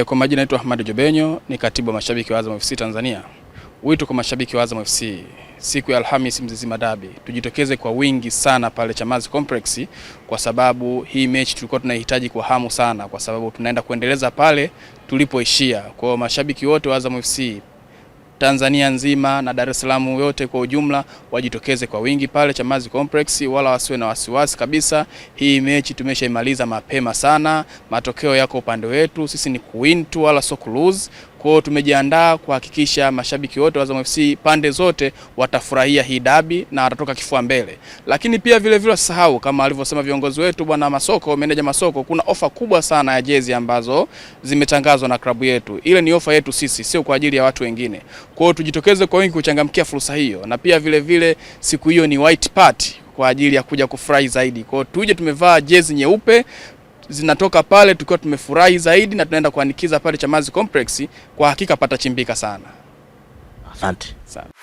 Eh, kwa majina naitwa Ahmad Jobenyo, ni katibu wa mashabiki wa Azam FC Tanzania. Wito kwa mashabiki wa Azam FC, siku ya Alhamis Mzizima Dabi, tujitokeze kwa wingi sana pale Chamazi Complex, kwa sababu hii mechi tulikuwa tunahitaji kwa hamu sana, kwa sababu tunaenda kuendeleza pale tulipoishia. Kwa mashabiki wote wa Azam FC Tanzania nzima na Dar es Salaam yote kwa ujumla wajitokeze kwa wingi pale Chamazi Complex, wala wasiwe na wasiwasi kabisa. Hii mechi tumeshaimaliza mapema sana, matokeo yako upande wetu, sisi ni kuwin tu, wala so lose. Kwa hiyo tumejiandaa kuhakikisha mashabiki wote wa Azam FC pande zote watafurahia hii dabi na watatoka kifua mbele, lakini pia vile vile sahau kama alivyosema viongozi wetu, bwana Masoko, meneja Masoko, kuna ofa kubwa sana ya jezi ambazo zimetangazwa na klabu yetu. Ile ni ofa yetu sisi, sio kwa ajili ya watu wengine. Kwa hiyo tujitokeze kwa wingi kuchangamkia fursa hiyo, na pia vile vile siku hiyo ni white party kwa ajili ya kuja kufurahi zaidi. Kwa tuje tumevaa jezi nyeupe, zinatoka pale tukiwa tumefurahi zaidi na tunaenda kuanikiza pale Chamazi Complex. Kwa hakika patachimbika sana. Asante sana.